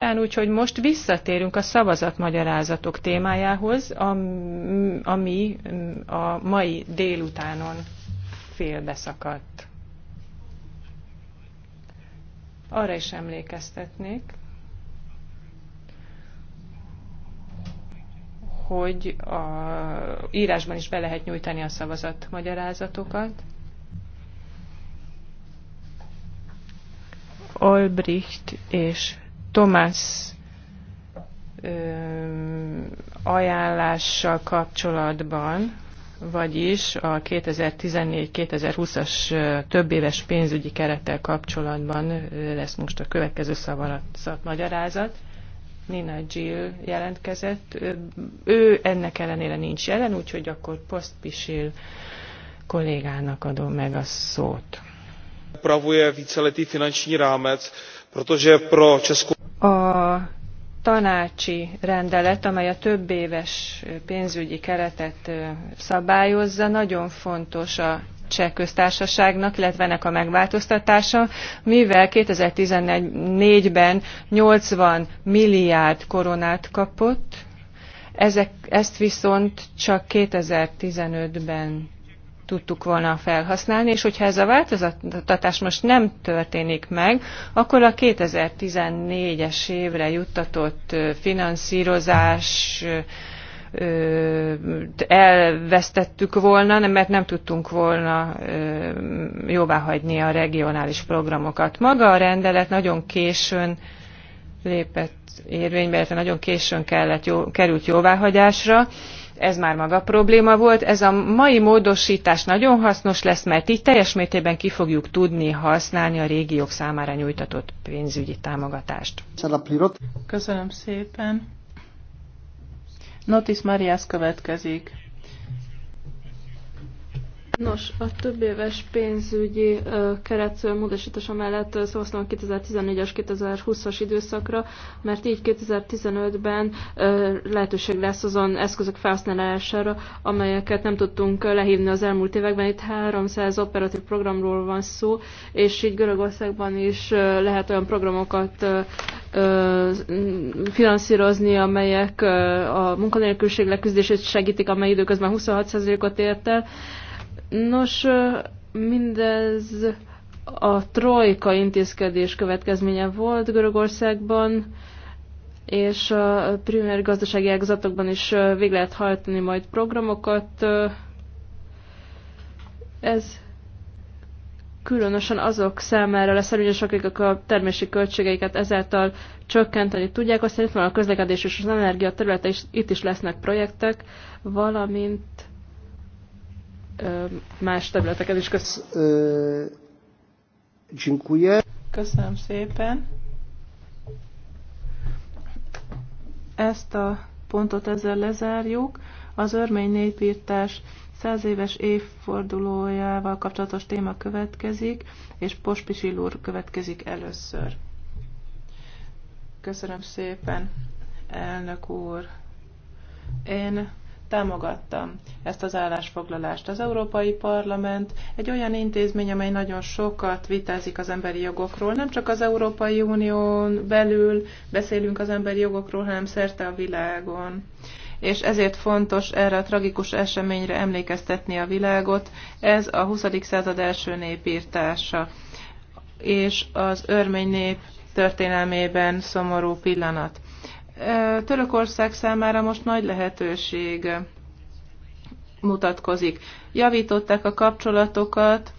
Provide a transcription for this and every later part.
úgyhogy most visszatérünk a szavazatmagyarázatok témájához, ami mm, a mai délutánon félbeszakadt. Arra is emlékeztetnék, hogy a írásban is be lehet nyújtani a szavazatmagyarázatokat. Olbricht és Tomás ajánlással kapcsolatban, vagyis a 2014-2020-as többéves pénzügyi kerettel kapcsolatban lesz most a következő magyarázat. Nina Jill jelentkezett. Ő ennek ellenére nincs jelen, úgyhogy akkor Postpisil kollégának adom meg a szót. Pravuje víceletý finanční rámec, protože pro Českou a tanácsi rendelet, amely a több éves pénzügyi keretet szabályozza, nagyon fontos a cseh köztársaságnak, illetve ennek a megváltoztatása, mivel 2014-ben 80 milliárd koronát kapott, ezek, ezt viszont csak 2015-ben tudtuk volna felhasználni, és hogyha ez a változtatás most nem történik meg, akkor a 2014-es évre juttatott finanszírozás elvesztettük volna, mert nem tudtunk volna jóváhagyni a regionális programokat. Maga a rendelet nagyon későn lépett érvénybe, illetve nagyon későn kellett jó, került jóváhagyásra, ez már maga probléma volt. Ez a mai módosítás nagyon hasznos lesz, mert így teljes mértékben ki fogjuk tudni használni a régiók számára nyújtatott pénzügyi támogatást. Köszönöm szépen. Notis Marias következik. Nos, a több éves pénzügyi keret módosítása mellett szavaztam a 2014-es 2020-as időszakra, mert így 2015-ben lehetőség lesz azon eszközök felhasználására, amelyeket nem tudtunk lehívni az elmúlt években. Itt 300 operatív programról van szó, és így Görögországban is lehet olyan programokat finanszírozni, amelyek a munkanélküliség leküzdését segítik, amely időközben 26%-ot ért el Nos, mindez a trojka intézkedés következménye volt Görögországban, és a primér gazdasági ágazatokban is végre lehet hajtani majd programokat. Ez különösen azok számára lesz előnyös, akik a termési költségeiket ezáltal csökkenteni tudják. Aztán itt van a közlekedés és az energia területe, és itt is lesznek projektek, valamint más területeken is. Köszönöm. Köszönöm szépen. Ezt a pontot ezzel lezárjuk. Az örmény népírtás száz éves évfordulójával kapcsolatos téma következik, és Pospisil úr következik először. Köszönöm szépen, elnök úr. Én támogatta ezt az állásfoglalást. Az Európai Parlament egy olyan intézmény, amely nagyon sokat vitázik az emberi jogokról. Nem csak az Európai Unión belül beszélünk az emberi jogokról, hanem szerte a világon és ezért fontos erre a tragikus eseményre emlékeztetni a világot. Ez a 20. század első népírtása, és az örmény nép történelmében szomorú pillanat. Törökország számára most nagy lehetőség mutatkozik. Javították a kapcsolatokat,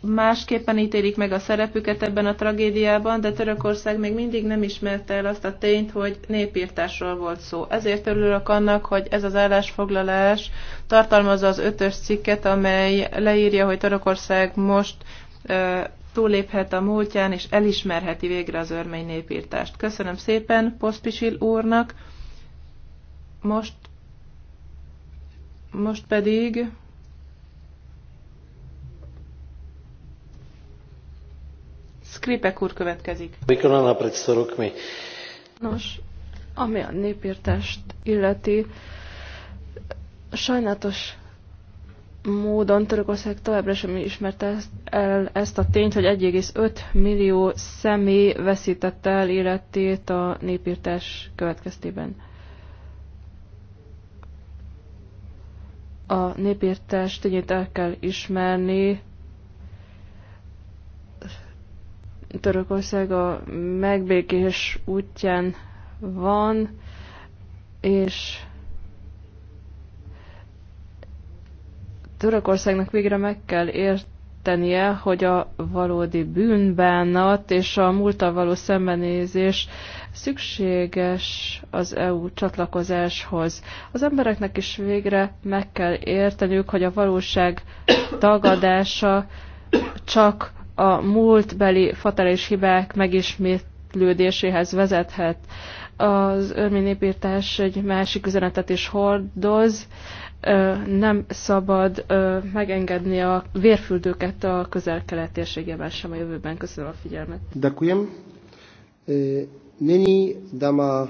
másképpen ítélik meg a szerepüket ebben a tragédiában, de Törökország még mindig nem ismerte el azt a tényt, hogy népírtásról volt szó. Ezért örülök annak, hogy ez az állásfoglalás tartalmazza az ötös cikket, amely leírja, hogy Törökország most túléphet a múltján, és elismerheti végre az örmény népírtást. Köszönöm szépen Poszpisil úrnak, most, most pedig Skripek úr következik. Mikor a predszorok mi? Nos, ami a népírtást illeti, sajnálatos módon Törökország továbbra sem ismerte el ezt a tényt, hogy 1,5 millió személy veszítette el életét a népírtás következtében. A népírtás tényét el kell ismerni. Törökország a megbékés útján van, és Törökországnak végre meg kell értenie, hogy a valódi bűnbánat és a múltal való szembenézés szükséges az EU csatlakozáshoz. Az embereknek is végre meg kell érteniük, hogy a valóság tagadása csak a múltbeli fatális hibák megismét érdeklődéséhez vezethet. Az örmény egy másik üzenetet is hordoz, nem szabad megengedni a vérfüldőket a közel-kelet térségében sem a jövőben. Köszönöm a figyelmet. Dakujem. Neni dama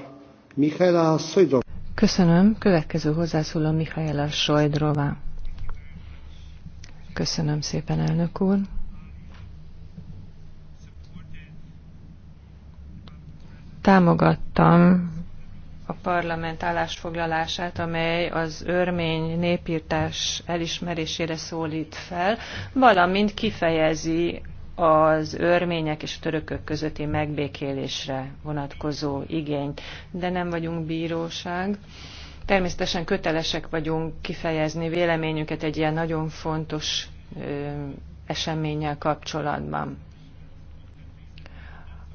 Mihaela Szojdrova. Köszönöm. Következő hozzászóló Mihaela Sojdrova. Köszönöm szépen, elnök úr. támogattam a parlament állásfoglalását, amely az örmény népírtás elismerésére szólít fel, valamint kifejezi az örmények és a törökök közötti megbékélésre vonatkozó igényt. De nem vagyunk bíróság. Természetesen kötelesek vagyunk kifejezni véleményüket egy ilyen nagyon fontos eseménnyel kapcsolatban.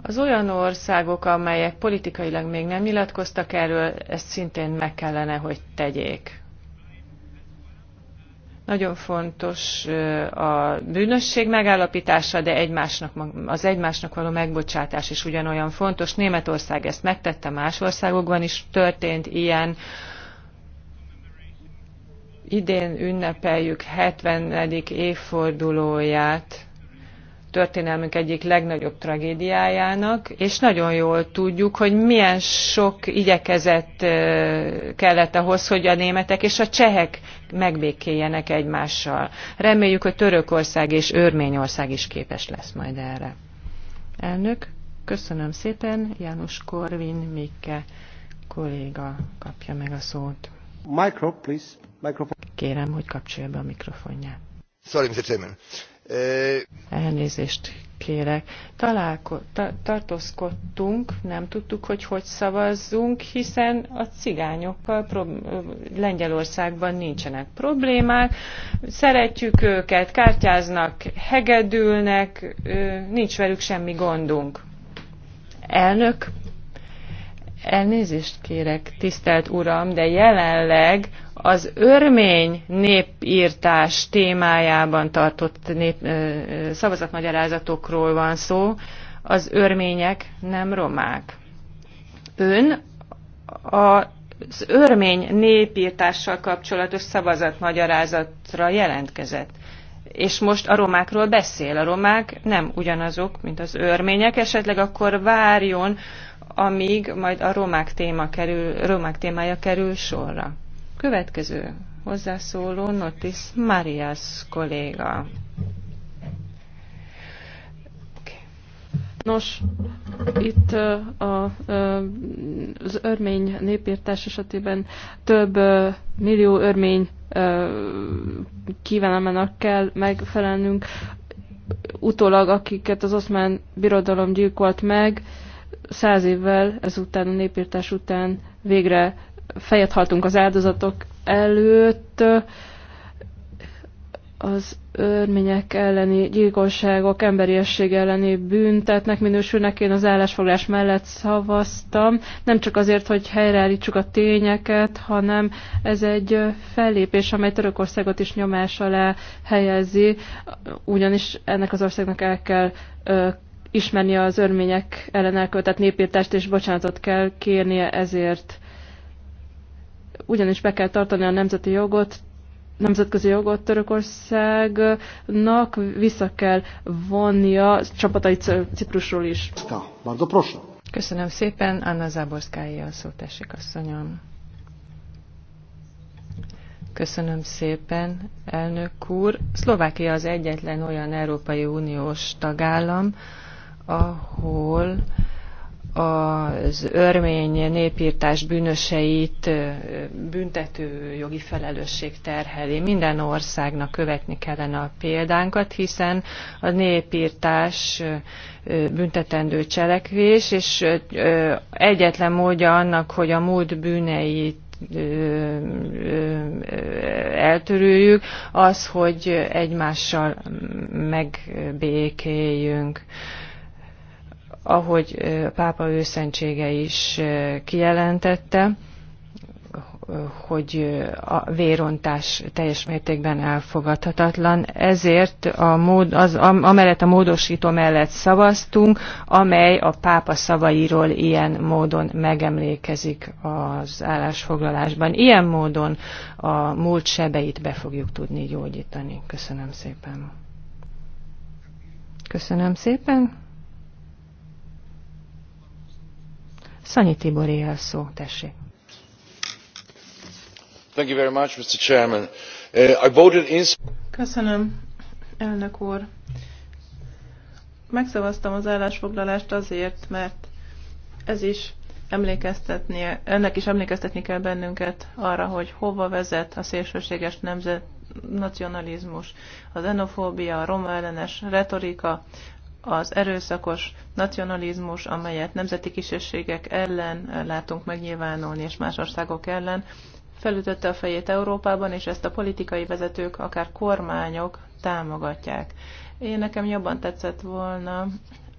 Az olyan országok, amelyek politikailag még nem nyilatkoztak erről, ezt szintén meg kellene, hogy tegyék. Nagyon fontos a bűnösség megállapítása, de egymásnak, az egymásnak való megbocsátás is ugyanolyan fontos. Németország ezt megtette, más országokban is történt ilyen. Idén ünnepeljük 70. évfordulóját történelmünk egyik legnagyobb tragédiájának, és nagyon jól tudjuk, hogy milyen sok igyekezett kellett ahhoz, hogy a németek és a csehek megbékéljenek egymással. Reméljük, hogy Törökország és Örményország is képes lesz majd erre. Elnök, köszönöm szépen, János Korvin Mikke kolléga kapja meg a szót. Micro, please. Microphone. Kérem, hogy kapcsolja be a mikrofonját. Sorry, Mr. Chairman. Elnézést kérek. Találko- ta- tartózkodtunk, nem tudtuk, hogy hogy szavazzunk, hiszen a cigányokkal Lengyelországban nincsenek problémák. Szeretjük őket, kártyáznak, hegedülnek, nincs velük semmi gondunk. Elnök, elnézést kérek, tisztelt Uram, de jelenleg az örmény népírtás témájában tartott nép, szavazatmagyarázatokról van szó, az örmények nem romák. Ön az örmény népírtással kapcsolatos szavazatmagyarázatra jelentkezett. És most a romákról beszél. A romák nem ugyanazok, mint az örmények. Esetleg akkor várjon, amíg majd a romák, téma kerül, romák témája kerül sorra. Következő hozzászóló Notis Marias kolléga. Nos, itt a, az örmény népírtás esetében több millió örmény kívánalmának kell megfelelnünk. Utólag, akiket az oszmán birodalom gyilkolt meg, száz évvel ezután, a népírtás után végre fejet haltunk az áldozatok előtt, az örmények elleni gyilkosságok, emberiesség elleni büntetnek minősülnek. Én az állásfoglás mellett szavaztam, nem csak azért, hogy helyreállítsuk a tényeket, hanem ez egy fellépés, amely Törökországot is nyomás alá helyezi, ugyanis ennek az országnak el kell ö, ismerni az örmények ellen elkövetett népírtást, és bocsánatot kell kérnie ezért ugyanis be kell tartani a nemzeti jogot, nemzetközi jogot Törökországnak vissza kell vonnia csapatai Ciprusról is. Köszönöm szépen, Anna Záborszkája a szó, tessék asszonyom. Köszönöm szépen, elnök úr. Szlovákia az egyetlen olyan Európai Uniós tagállam, ahol az örmény népírtás bűnöseit büntető jogi felelősség terheli. Minden országnak követni kellene a példánkat, hiszen a népírtás büntetendő cselekvés, és egyetlen módja annak, hogy a múlt bűneit eltörüljük, az, hogy egymással megbékéljünk ahogy a pápa őszentsége is kijelentette, hogy a vérontás teljes mértékben elfogadhatatlan. Ezért a mód, az, amellett a módosító mellett szavaztunk, amely a pápa szavairól ilyen módon megemlékezik az állásfoglalásban. Ilyen módon a múlt sebeit be fogjuk tudni gyógyítani. Köszönöm szépen. Köszönöm szépen. Szanyi Tiboré a szó, tessék. Thank you very much, Mr. Chairman. Uh, I voted in... Köszönöm, elnök úr. Megszavaztam az állásfoglalást azért, mert ez is emlékeztetnie, ennek is emlékeztetni kell bennünket arra, hogy hova vezet a szélsőséges nemzet nacionalizmus, a xenofóbia, a roma ellenes retorika, az erőszakos nacionalizmus, amelyet nemzeti kisességek ellen eh, látunk megnyilvánulni, és más országok ellen, felütötte a fejét Európában, és ezt a politikai vezetők, akár kormányok támogatják. Én nekem jobban tetszett volna,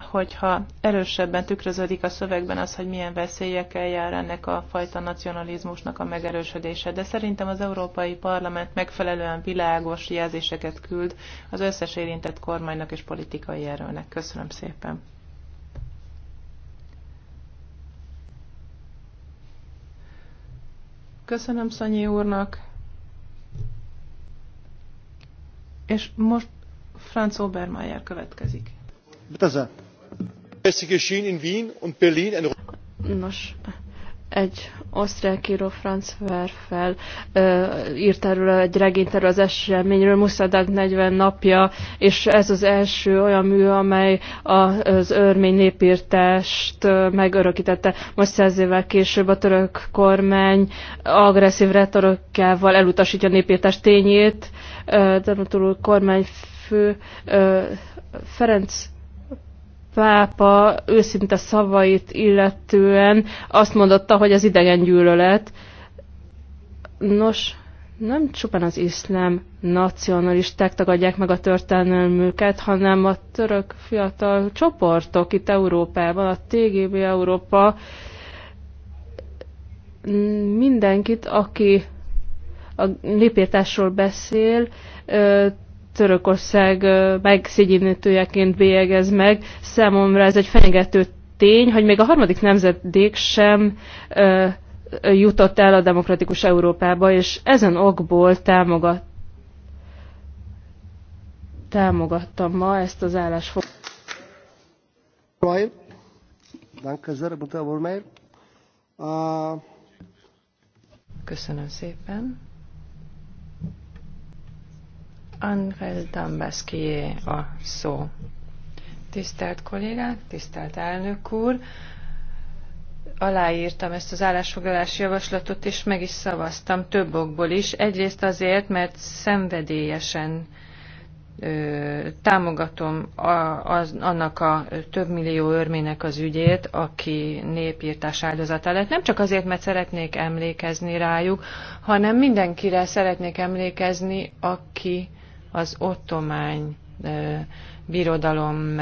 hogyha erősebben tükröződik a szövegben az, hogy milyen veszélyekkel jár ennek a fajta nacionalizmusnak a megerősödése. De szerintem az Európai Parlament megfelelően világos jelzéseket küld az összes érintett kormánynak és politikai erőnek. Köszönöm szépen. Köszönöm Szanyi úrnak. És most Franz Obermeier következik. Bitte hát Nos, egy osztrák író Franz Werfel írt erről egy regényt erről az eseményről, Muszadag 40 napja, és ez az első olyan mű, amely az örmény népírtást megörökítette. Most száz évvel később a török kormány agresszív retorikával elutasítja a népírtás tényét. Tanutuló kormányfő fő Ferenc pápa őszinte szavait illetően azt mondotta, hogy az idegen gyűlölet. Nos, nem csupán az iszlám nacionalisták tagadják meg a történelmüket, hanem a török fiatal csoportok itt Európában, a TGB Európa mindenkit, aki a népírtásról beszél, Törökország megszégyenítőjeként bélyegez meg. Számomra ez egy fenyegető tény, hogy még a harmadik nemzedék sem ö, jutott el a demokratikus Európába, és ezen okból támogat, támogattam ma ezt az állásfoglalást. Ah. Köszönöm szépen. Angel Dambaszkié a szó. Tisztelt kollégák, tisztelt elnök úr! aláírtam ezt az állásfoglalási javaslatot, és meg is szavaztam több okból is. Egyrészt azért, mert szenvedélyesen ö, támogatom a, az, annak a több millió örmének az ügyét, aki népírtás áldozata lett. Nem csak azért, mert szeretnék emlékezni rájuk, hanem mindenkire szeretnék emlékezni, aki az ottomán birodalom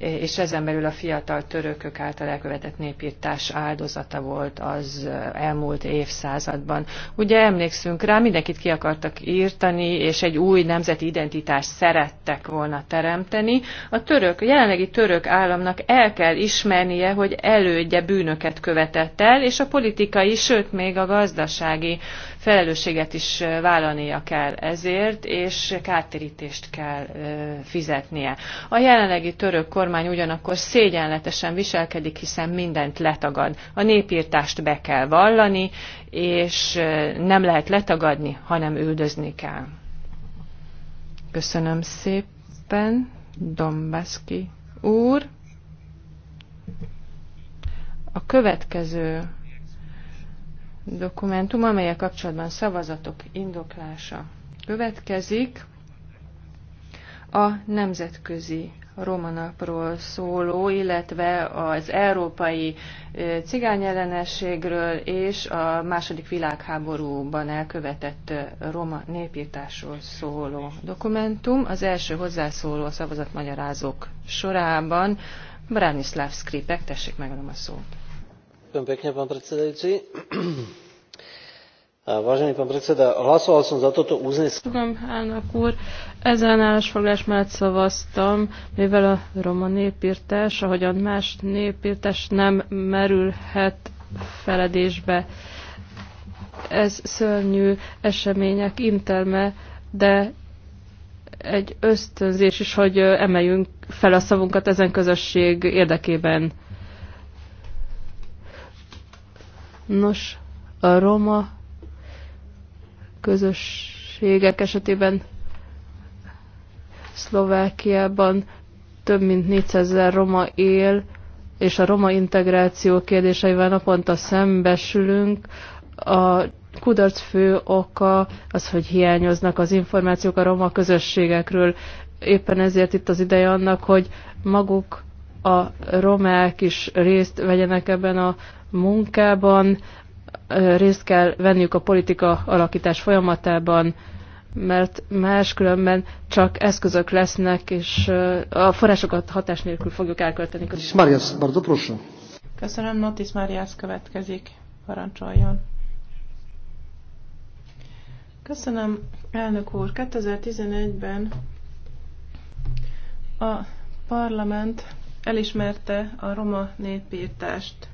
és ezen belül a fiatal törökök által elkövetett népírtás áldozata volt az elmúlt évszázadban. Ugye emlékszünk rá, mindenkit ki akartak írtani, és egy új nemzeti identitást szerettek volna teremteni. A török, a jelenlegi török államnak el kell ismernie, hogy elődje bűnöket követett el, és a politikai, sőt még a gazdasági felelősséget is vállalnia kell ezért, és kártérítést kell fizetnie. A jelenlegi török kormány kormány ugyanakkor szégyenletesen viselkedik, hiszen mindent letagad. A népírtást be kell vallani, és nem lehet letagadni, hanem üldözni kell. Köszönöm szépen, Dombaszki úr. A következő dokumentum, amelyek kapcsolatban szavazatok indoklása következik, a nemzetközi romanakról szóló, illetve az európai cigányellenességről és a második világháborúban elkövetett roma népírtásról szóló dokumentum. Az első hozzászóló a szavazatmagyarázók sorában Branislav Skripek, tessék megadom a szót. Köszönöm, Vážený pán predseda, hlasoval som za toto uznesenie. Tudom, elnök úr, ezen állásfoglás mellett szavaztam, mivel a roma népírtás, ahogyan más népírtás nem merülhet feledésbe. Ez szörnyű események intelme, de egy ösztönzés is, hogy emeljünk fel a szavunkat ezen közösség érdekében. Nos, a roma közösségek esetében Szlovákiában több mint 400 ezer roma él, és a roma integráció kérdéseivel naponta szembesülünk. A kudarc fő oka az, hogy hiányoznak az információk a roma közösségekről. Éppen ezért itt az ideje annak, hogy maguk a romák is részt vegyenek ebben a munkában, részt kell venniük a politika alakítás folyamatában, mert máskülönben csak eszközök lesznek, és a forrásokat hatás nélkül fogjuk elkölteni. Marias, bardzo proszę. Köszönöm, Notis Marias következik. Parancsoljon. Köszönöm, elnök úr. 2011-ben a parlament elismerte a roma népírtást.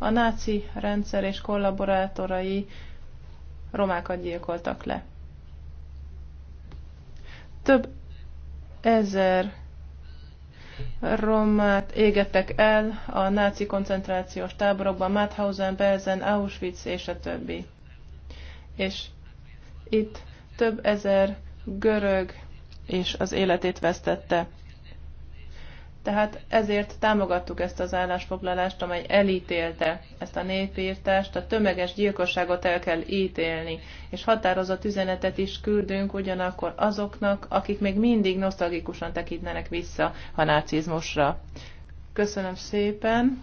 A náci rendszer és kollaborátorai romákat gyilkoltak le. Több ezer romát égettek el a náci koncentrációs táborokban, Mauthausen, Belzen, Auschwitz és a többi. És itt több ezer görög és az életét vesztette. Tehát ezért támogattuk ezt az állásfoglalást, amely elítélte ezt a népírtást, a tömeges gyilkosságot el kell ítélni, és határozott üzenetet is küldünk ugyanakkor azoknak, akik még mindig nosztalgikusan tekintenek vissza a nácizmusra. Köszönöm szépen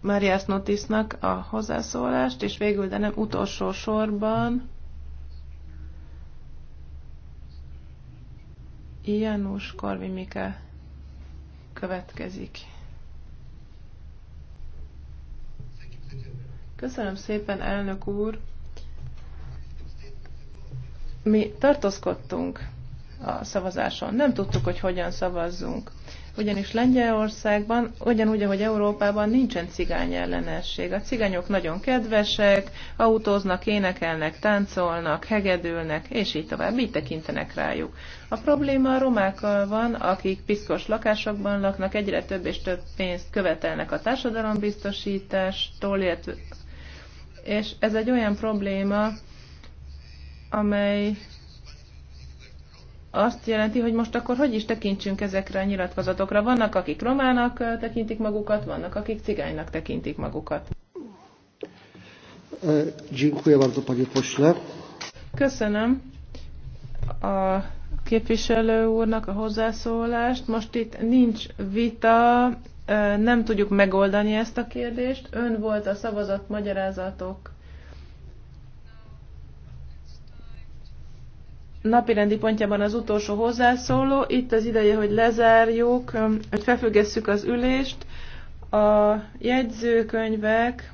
Marias Notisnak a hozzászólást, és végül, de nem utolsó sorban, Janusz Korvi Mikkel következik. Köszönöm szépen, elnök úr! Mi tartózkodtunk a szavazáson. Nem tudtuk, hogy hogyan szavazzunk. Ugyanis Lengyelországban, ugyanúgy, ahogy Európában nincsen cigány ellenesség. A cigányok nagyon kedvesek, autóznak, énekelnek, táncolnak, hegedülnek, és így tovább. Így tekintenek rájuk. A probléma a romákkal van, akik piszkos lakásokban laknak, egyre több és több pénzt követelnek a társadalombiztosítástól, illetve és ez egy olyan probléma, amely azt jelenti, hogy most akkor hogy is tekintsünk ezekre a nyilatkozatokra. Vannak, akik romának tekintik magukat, vannak, akik cigánynak tekintik magukat. E, Köszönöm a képviselő úrnak a hozzászólást. Most itt nincs vita, nem tudjuk megoldani ezt a kérdést. Ön volt a szavazat magyarázatok napirendi pontjában az utolsó hozzászóló. Itt az ideje, hogy lezárjuk, hogy felfüggesszük az ülést. A jegyzőkönyvek